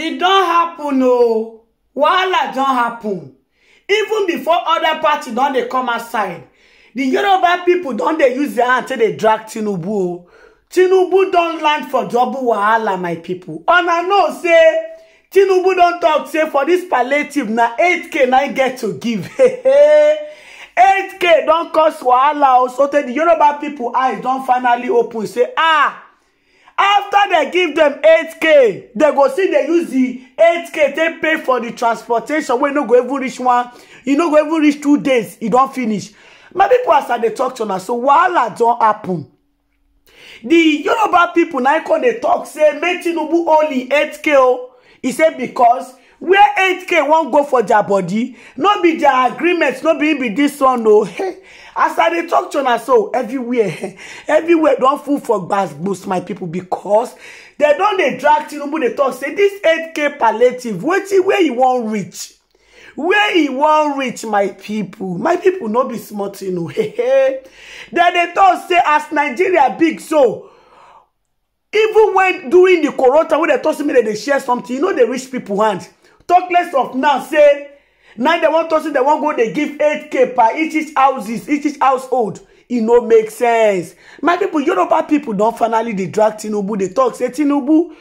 It don't happen o wahala don't happen even before other party don they come outside the yoruba people don they use their hand take dey drag tinubu oh. tinubu don land for double wahala my people. pipo una know say tinubu don talk say for this palliative na 8k na get to give 8k don cause wahala o oh. so the yoruba people eyes don finally open say ah after dem give dem 8k dem go still dey use the 8k take pay for the transportation wey no go even reach one e no go even reach two days e don finish my people as i dey tok to una so wahala don happen. The yoruba pipo na im e dey talk say make tinubu only 8k o e say because where 8k wan go for their body no be their agreement no be be this one o as i dey talk to una so everywhere everywhere don full for gbasgbos my people because dem don dey drag tinubu dey talk say this 8k palliative wetin where e wan reach where e wan reach my people? my people no be small tin o hey hey dem dey talk say as nigeria big so even when during the corona wey dem talk say make dem dey share something e no dey reach people hand talk less of now say now dem wan talk say dem wan go dey give eight k per each each houses each each household e no make sense my people, yoruba people, don finally dey drag tinubu dey talk say tinubu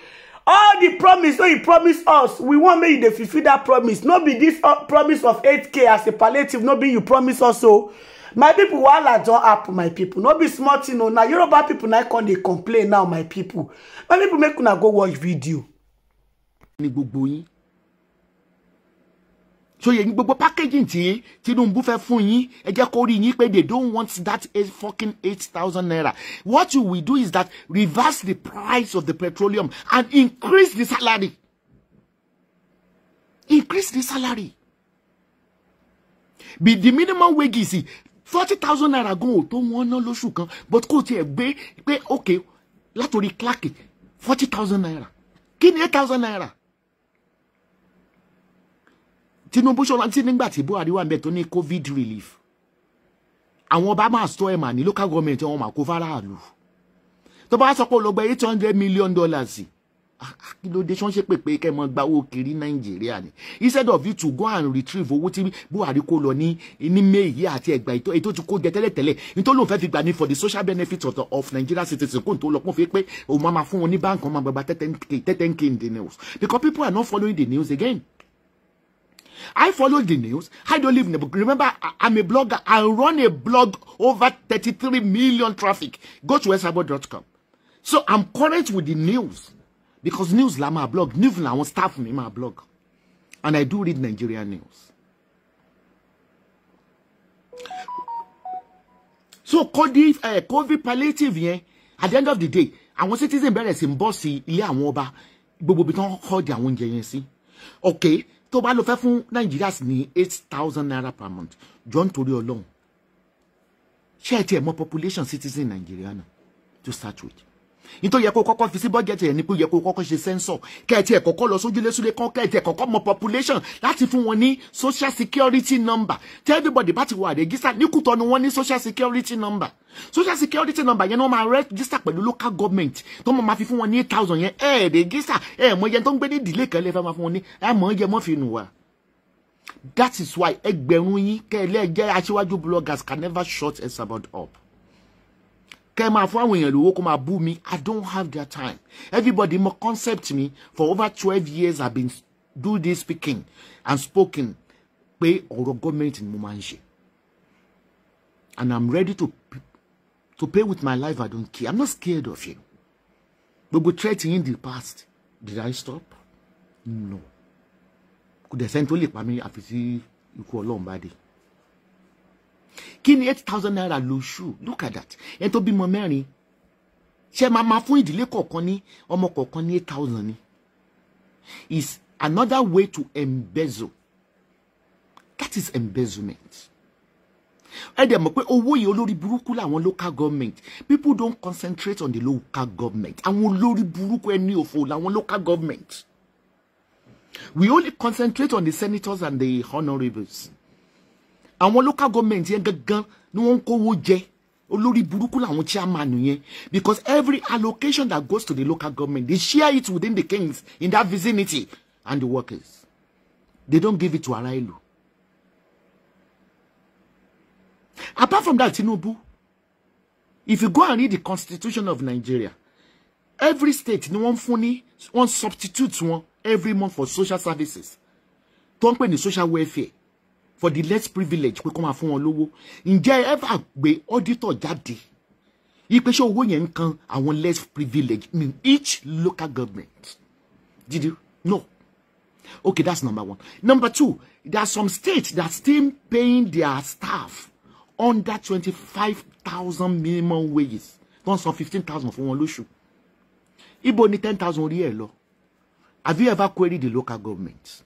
all the promise wey oh, you promise us we wan make you dey fulfill that promise no be this uh, promise of eight k as a palliative no be you promise us o oh. my pipo wahala don happen my people. no be small tin o oh. na yoruba people, na come dey complain now my people. my people make una go watch video. ní gbogbo yín so yẹn gbogbo packaging tí Tinubu fẹ́ fún yín ẹ jẹ́ kó rí yín pé they don't want that eight fucking eight thousand naira what you will do is that reverse the price of the petroleum and increase the salary increase the salary be the minimum wage is forty thousand naira gan o tó wọ́n ná lóṣù kan but kò tiẹ̀ gbé pé okay látòrí clark forty thousand naira kí ni eight thousand naira Tinubu ṣọláńtì nígbà tí Buhari wà níbẹ̀ tó ní COVID relief àwọn ọba máa sọ ẹ̀ mà ní local government wọn máa kó fáráàlú tó bá sọ pé olùgbà eight hundred million dollars ah, ah, kí ló dé ṣọ́n ṣe pèpè kẹ́ mọ́ gba owó kiri Nàìjíríà ni instead of you to go and retrieve owó tí Buhari kó lọ ní ní May yìí àti ẹgbà ètò ètò tí kò jẹ tẹ́lẹ̀tẹ́lẹ̀ nítorí òun fẹ́ fi gbà ní for the social benefit of, of Nigeria citizens kó n tó lọ pọ́n fi pé òun máa fún wọn ní báńkì wọn máa gbàgbà tẹ́tẹ́ńkì in the news because people are not following the news again. I follow the news. I don't live in a book. Remember, I'm a blogger. I run a blog over 33 million traffic. Go to esabo.com. So I'm current with the news. Because news la my blog. News la won't staff me my blog. And I do read Nigerian news. So COVID, uh, eh, COVID palliative Yeah, at the end of the day, àwọn citizen bẹ̀rẹ̀ sí ń bọ́ sí ilé àwọn ọba gbogbo ibi tí wọ́n Okay tó bá lọ fẹ́ fún Nigerians ní eight thousand naira per month jọ nítorí ọlọ́run ṣé ẹ tiẹ̀ mọ population citizen Nigeria náà to start with ní tó yẹ kó kọ́kọ́ fi sí bọ́jẹ̀tì ẹ̀ ní pé yẹ kó kọ́kọ́ ṣe sẹ́ńsọ̀ kẹ́ẹ̀tì ẹ̀ kọ́kọ́ lọ sójúlé súlé kan kẹ́ẹ̀tì ẹ̀ kọ́kọ́ mọ population láti fún wọn ní social security number tí everybody bá ti wà rẹ́gísà níkùtọ́ ni wọ́n ní social security number social security number yẹn ni wọ́n máa rẹ́gísà pẹ̀lú local government tó máa fi fún wọn ní eight thousand yẹn ẹ̀ rẹ́gísà ẹ̀ mọ iye tó ń gbé ní ìdílé kan lè fẹ́ máa fún wọn ní ẹ̀ mọ iye mọ́ fi nù wá that is why ẹgbẹ̀rún yín kẹ́ẹ̀lẹ́ jẹ́ aṣíwájú bloggers can never shut us about up kẹ́ máa fún àwọn èèyàn lówó kó máa bú mi i don't have their time everybody mọ concept me. for over twelve years i been do this speaking and spoken pé ọ̀rọ̀ gọ́ọ̀mẹ̀ntì ni mo máa ń ṣe and i'm ready to to pay with my life i don't care i'm not scared of you gbogbo threat in the past did i stop no kò dẹ̀ sẹ́ni tó lè pa mí àfi sí ikú ọlọ́run bá dé kí ni eight thousand naira lóṣù look at that ẹni tó bímọ mẹ́rin ṣe máa máa fún ìdílé kọ̀ọ̀kan ní ọmọ kọ̀ọ̀kan ní eight thousand ni is another way to embezzle that is embezzlement ẹ dẹ̀ mọ̀ pé owó yìí olórí burúkú làwọn local government people don't concentrate on the local government àwọn olórí burúkú ẹni òfò làwọn local government we only concentrate on the senators and the honourables àwọn local government yẹn gangan ni wọ́n ń kówó jẹ olórí burúkú làwọn chairman yẹn because every allocation that goes to the local government they share it within the kings in that vicinity and the workers they don't give it to ará apart from that Tinubu if you go and read the constitution of Nigeria every state ni wọ́n fún ní wọ́n substitute wọn every month for social services tó ń pè ní social welfare for the less privilege pé kó máa fún wọn lówó ǹjẹ́ ever gbé auditor jáde ipe ṣé owó yẹn ń kan àwọn less privilege in each local government did you no okay that's number one number two there are some states that still paying their staff under twenty-five thousand minimum wages don san fifteen thousand fún wọn lóṣù ibo ni ten thousand orí ẹ lọ have you ever queried the local government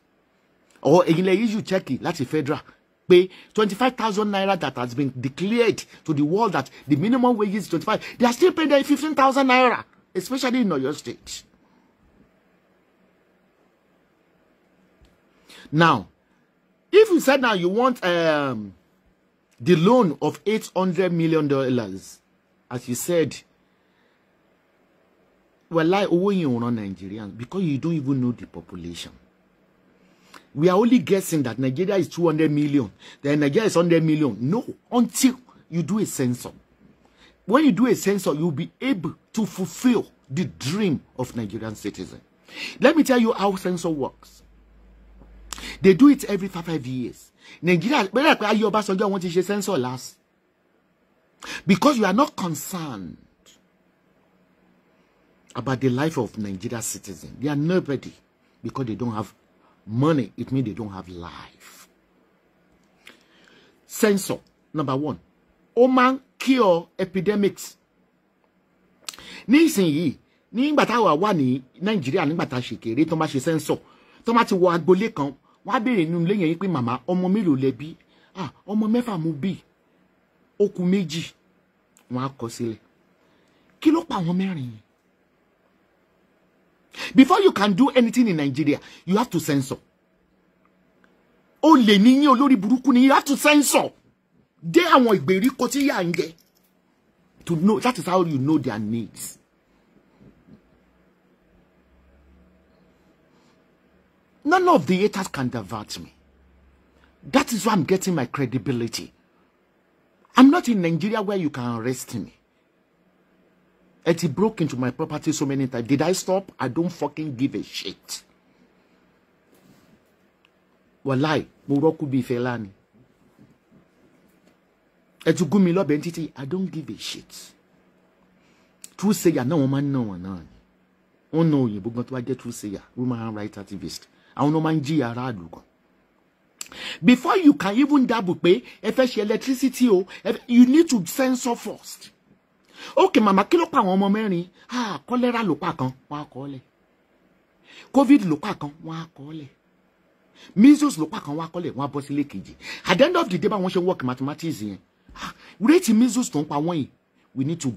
or ẹ̀yin lè issue check láti federal pé twenty-five thousand naira that has been declared to the world that the minimum wage is twenty-five they are still paying them fifteen thousand naira especially in Oyo State. Now, if you said now you want um, the loan of eight hundred million dollars, as you said, well, like owó yìí ò ran Nigerians because you don't even know the population we are only guessing that Nigeria is 200 million, then Nigeria is 100 million. No, until you do a census. When you do a census, you'll be able to fulfill the dream of Nigerian citizen. Let me tell you how census works. They do it every five, five years. Nigeria, bẹ́ẹ̀ pé Ayé Ọbásanjọ́ want to ṣe census last. Because you are not concerned about the life of Nigeria citizen. They are nobody because they don't have money, it means they don't have life. Censor, number one. Oman cure epidemics. Nísìnyí, nígbà ni wà ní Nàìjíríà nígbà tá a ṣe kéré tó máa ṣe censor, tó máa ti wọ agboolé kan, wọ́n á béèrè nínú ilé yẹn pé màmá ọmọ Ah, ọmọ mẹ́fà mo bí. Ó kù méjì. Wọ́n á pa àwọn mẹ́rin yìí? before you can do anything in Nigeria you have to censor olè ní yín olórí burúkú ní you have to censor They are ìgbèríko tí yà ń to know that is how you know their needs. None of the haters can divert me. That is why I'm getting my credibility. I'm not in Nigeria where you can arrest me. It broke into my property so many times. Did I stop? I don't fucking give a shit. Wallahi, mo roku bi felani. Ẹ ti gún mi lọ́bẹ I don't give a shit. True sayer náà wọ́n máa ń ná wọn náà ni. Wọ́n na òyìnbó gan true sayer, woman right activist. I náà máa ń jìyà aráàlú Before you can even double pay, if fẹ́ electricity o, you need to censor first ókè màmá kí ló pa àwọn ọmọ mẹ́rin ah kọ́lẹ́rà ló pa kan wọ́n á kọ́ lẹ̀ covid ló pa kan wọ́n á kọ́ lẹ̀ measles ló pa kan wọ́n á kọ́ lẹ̀ wọ́n á bọ́ sílé kejì at the end of the day báwọn ṣe ń work mathematics yẹn ah, rate measles tó ń pa wọ́n yìí we need to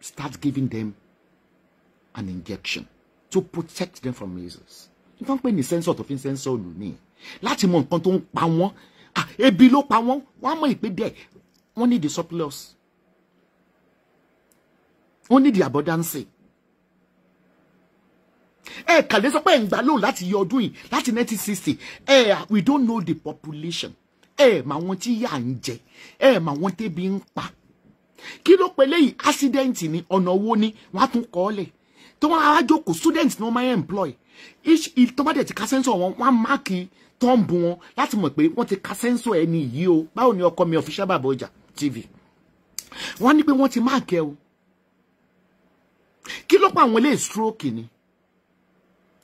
start giving them an injection to protect them from measles nǹkan pé ní sensor tó fi ń sensor lù ní láti mọ nǹkan tó ń pa wọ́n ah ebi ló pa wọ́n wọ́n á mọ ìpè dẹ̀ wọ́n need the surplus only the abundance ẹ kàlẹ́ sọ pé ẹ̀ ń gbà lóhùn láti yọ ọdún yìí láti nineteen sixty ẹ we don't know the population ẹ mà wọn tí yà ń jẹ ẹ mà wọn tẹ́bi ń pa kí ló pe léyìí accident ni ọ̀nà owó ni wọ́n á tún kọ́ ọ́ lẹ̀ tí wọ́n á jókòó student ni wọ́n máa ń employ tọ́mọdé ti ka sẹ́ńsọ̀ wọn wọ́n á máàkì tọ́ǹbù wọn láti mọ̀ pé wọ́n ti ka sẹ́ńsọ̀ ẹni yìí o báwo ni ọkọ mi official Baba Oja TV wọ́n ní pé wọ́n ti máàkì ẹ o ló pa àwọn ilé stroke ni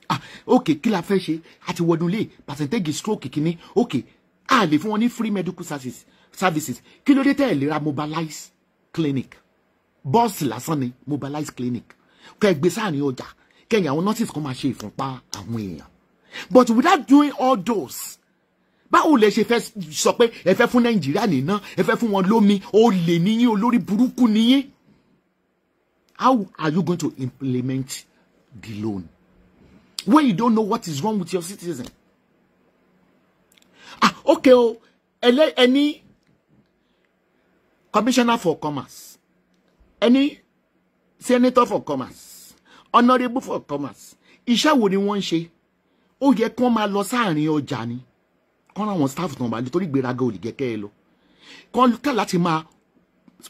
ah ok kí la fẹ́ ṣe àti wọdún lé percentage stroke kìíní ok a lè fún wọn ní free medical services services kí ló dé tẹ́ ẹ̀ ra mobilize clinic bọ́ọ̀sì lásán ni mobilize clinic kẹ́ ẹ gbé sáàrin ọjà kẹ́yìn àwọn nurses kan máa ṣe ìfúnpá àwọn èèyàn but without doing all those báwo lẹ ṣe fẹ́ sọ pé ẹ fẹ́ fún nàìjíríà nìna ẹ fẹ́ fún wọn lómi ó lè níyín olórí burúkú níyín how are you going to implement the loan when you don't know what is wrong with your citizen ah okay Oh, any commissioner for commerce any senator for commerce honorable for commerce Isha wouldn't want she. Oh, ṣe come yẹ kí wọ́n máa lọ sáàrin ọjà ni staff number. ń bá nítorí gbéraga ò lè gẹ́kẹ́ ẹ lọ kán kẹ́ láti máa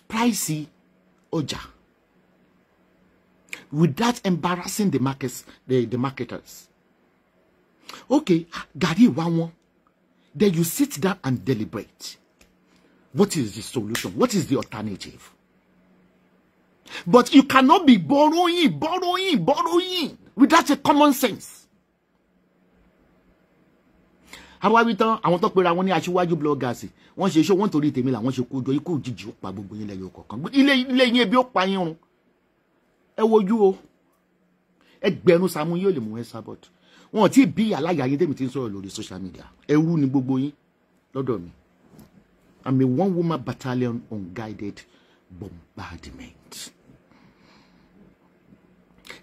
price without embarrassing the markets, the, the marketers. Okay, Gary one, Then you sit down and deliberate. What is the solution? What is the alternative? But you cannot be borrowing, borrowing, borrowing without a common sense. àwa wí tán àwọn tó pera wọn ní aṣíwájú bloggers wọ́n ṣe iṣẹ́ wọ́n torí tèmi làwọn ṣe kó jọ ikú òjijì ó pa gbogbo yín lẹ́yìn ọkọ̀ọ̀kan ilé ilé yín ebi ó pa yín run ẹ wojú o ẹgbẹ̀rún Sàámú yóò lè mú ẹ sábọt wọn ò bí aláya yín tèmi ti ń sọ̀rọ̀ lórí social media ẹrú ni gbogbo yín lọ́dọ̀ mi I'm a one woman battalion unguided bombardment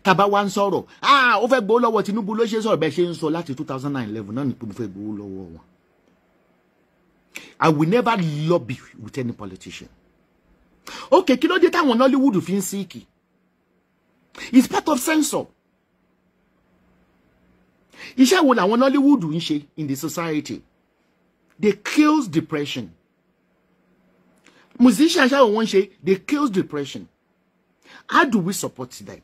tàbá wa ń sọ̀rọ̀ ah ó fẹ́ gbowó lọ́wọ́ Tinubu ló ṣe sọ̀rọ̀ bẹ́ẹ̀ ṣe ń sọ láti two thousand nine eleven náà ni pé mo fẹ́ gbowó lọ́wọ́ wọn I will never lobby with any politician okay kí ló dé táwọn Nollywood fi ń síìkì it's part of censor iṣẹ́ wo làwọn Nollywood ń ṣe in the society they kills depression musicians ṣáà wọ́n ṣe they kills depression how do we support them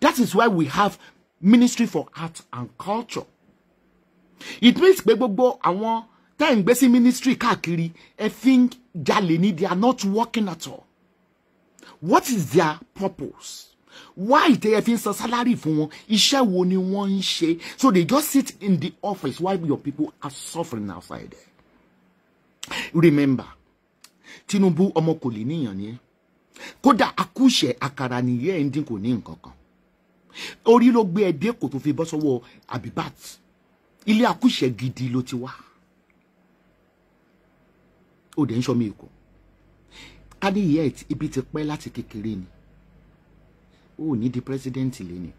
that is why we have ministry for art and culture it means pé I want tá ẹ̀ ministry káàkiri ẹ fi ń they are not working at all what is their purpose why tẹ́ ẹ fi ń san salary fún wọn iṣẹ́ wo ni wọ́n ń ṣe so they just sit in the office while your people are suffering outside there remember Tinubu ọmọ kò lè níyàn ni kódà akúṣẹ̀ àkàrà nìyẹn ẹ̀ ń dín kò ní nǹkan kan orí ló gbé ẹ kò tó fi bọ́ sọ́wọ́ Abibat ilé akúṣẹ̀ gidi ló ti wá ó dẹ̀ ń sọ mí kò ká ní ìyá ẹ̀ ibi ti pẹ́ láti kékeré ni ò ní di president lẹ́ni.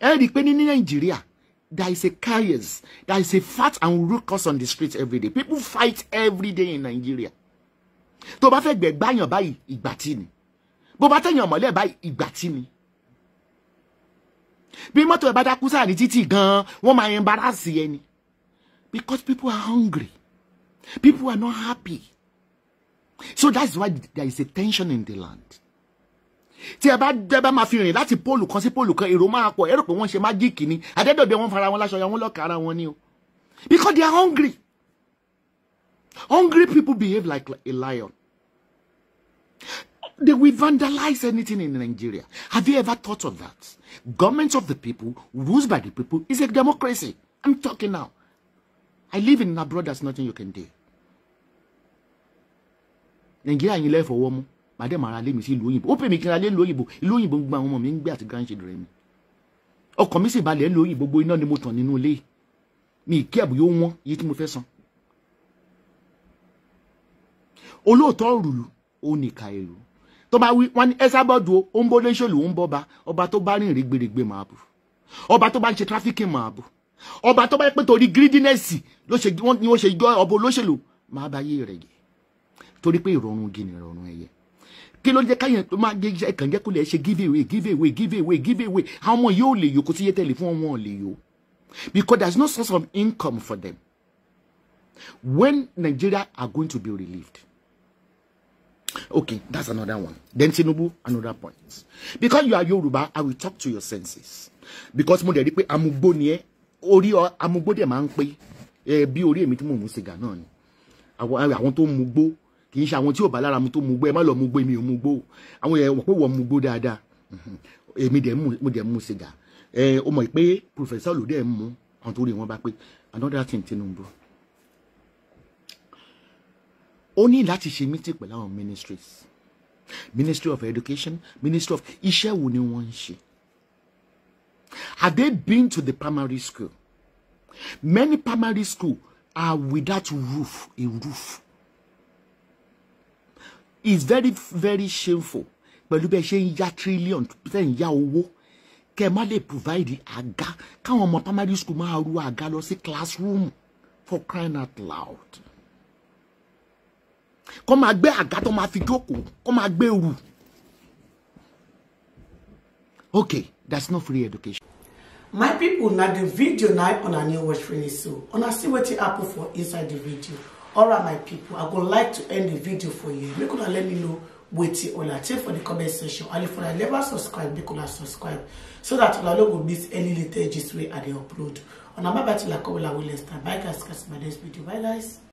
ẹ rí i pé ní nàìjíríà there is a chaos there is a fat and ruckus on the street every day people fight every day in Nigeria tó bá fẹ́ gbẹ gbàyàn báyìí ìgbà tí ni bó bá tẹ̀yàn mọ́lẹ̀ báyìí ìgbà tí ni bí mọ́tò ẹ̀ bá dákú sáà ní títì gan-an wọ́n máa embarrass ẹ ni because people are hungry people are not happy so that's why there is a tension in the land tí ẹ bá dẹ́ bá máa fi rìn láti póòlù kan sí póòlù kan èrò máa pọ̀ ẹ rò pé wọ́n ṣe májíìkì ni àdẹ́dọ̀dẹ́ wọn fara wọn láṣọ ya wọn lọ́ọ̀kà ara wọn ni o because they are hungry hungry people behave like a lion they will vandalize anything in Nigeria have you ever thought of that government of the people rules by the people is a democracy I'm talking now I live in abroad there's nothing you can do Nigeria you lẹ́fọ̀ọ́ for mú. Madam dẹ̀ máa ra lé mi sí ìlú òyìnbó ó pè mí kí n ra lé ìlú òyìnbó ìlú òyìnbó ń gba àwọn ọmọ mi ń gbé àti grandchildren mi ọkàn mi sì balẹ̀ ìlú òyìnbó gbogbo iná ni mo tàn nínú ilé mi ìkí àbò yóò wọ́n iye tí mo fẹ́ san olóòótọ́ òrùlù ó nìka èrò tó bá wí wọn ní ẹ sábọ́dù ó ń bọ́lé ṣòlù ń bọ́ba ọba tó bá rìn rìgbèrègbè máa bù ọba tó bá ń ṣe tráfíkì máa bù ọba tó bá yẹ torí gírídínẹ́sì ni ṣe yọ ọba olóṣèlú máa bá yé rẹ̀ yẹ torí pé ìrọ̀rùn gini ìrọ̀rùn ẹ̀yẹ kí ló ń jẹ́ káyọ̀ tó máa jẹ́ ẹ̀kàn jẹ́ kó lè ṣe give away give away give away give away àwọn ọmọ yóò lè yó kó sí yé tẹ̀lé fún wọn lè yó because there is no source of income for them when Nigeria are going to be relieved okay that's another one then Tinubu another point because you are Yoruba I will talk to your senses because mo dẹ̀ rí pé amugbo ni ẹ orí amugbo dẹ̀ máa ń pé bí orí èmi tí mò ń mu sìgá náà ni àwọn tó ń mugbó kì í ṣe àwọn tí ò bá lára mu tó mu gbó ẹ má lọ mu gbó èmi ò mu gbó àwọn yẹn wọ́n pé wọ́n mu gbó dáadáa èmi dẹ̀ mu dẹ̀ mu sìgá ẹ o mọ̀ pé pòfẹ́sà olùdẹ́ mu àwọn tó rí wọn bá pé another thing Tinubu ó ní láti ṣe meeting pẹ̀lú àwọn ministries ministry of education ministry of iṣẹ́ wo ni wọ́n ń ṣe have they been to the primary school many primary school are without roof a roof it's very very shameful pẹ̀lú bẹ́ẹ̀ ṣe ń yá trillion tẹ́ ń yá owó kẹ́ ẹ má lè provide àga káwọn ọmọ primary school máa ru àga lọ sí classroom for crying out loud kọ́ máa gbé àga tó máa fi jókòó kọ́ máa gbé rù okay that's not free education. my pipo na di video na una new watch finish so una see wetin happen for inside di video all right my people i would like to end the video for you make could let me know wetin una think for the comment section and if una never subscribe make could subscribe so that una no go miss any latest gist wey i dey upload una bye bye till i come una wey next bye guys catch my next video bye guys.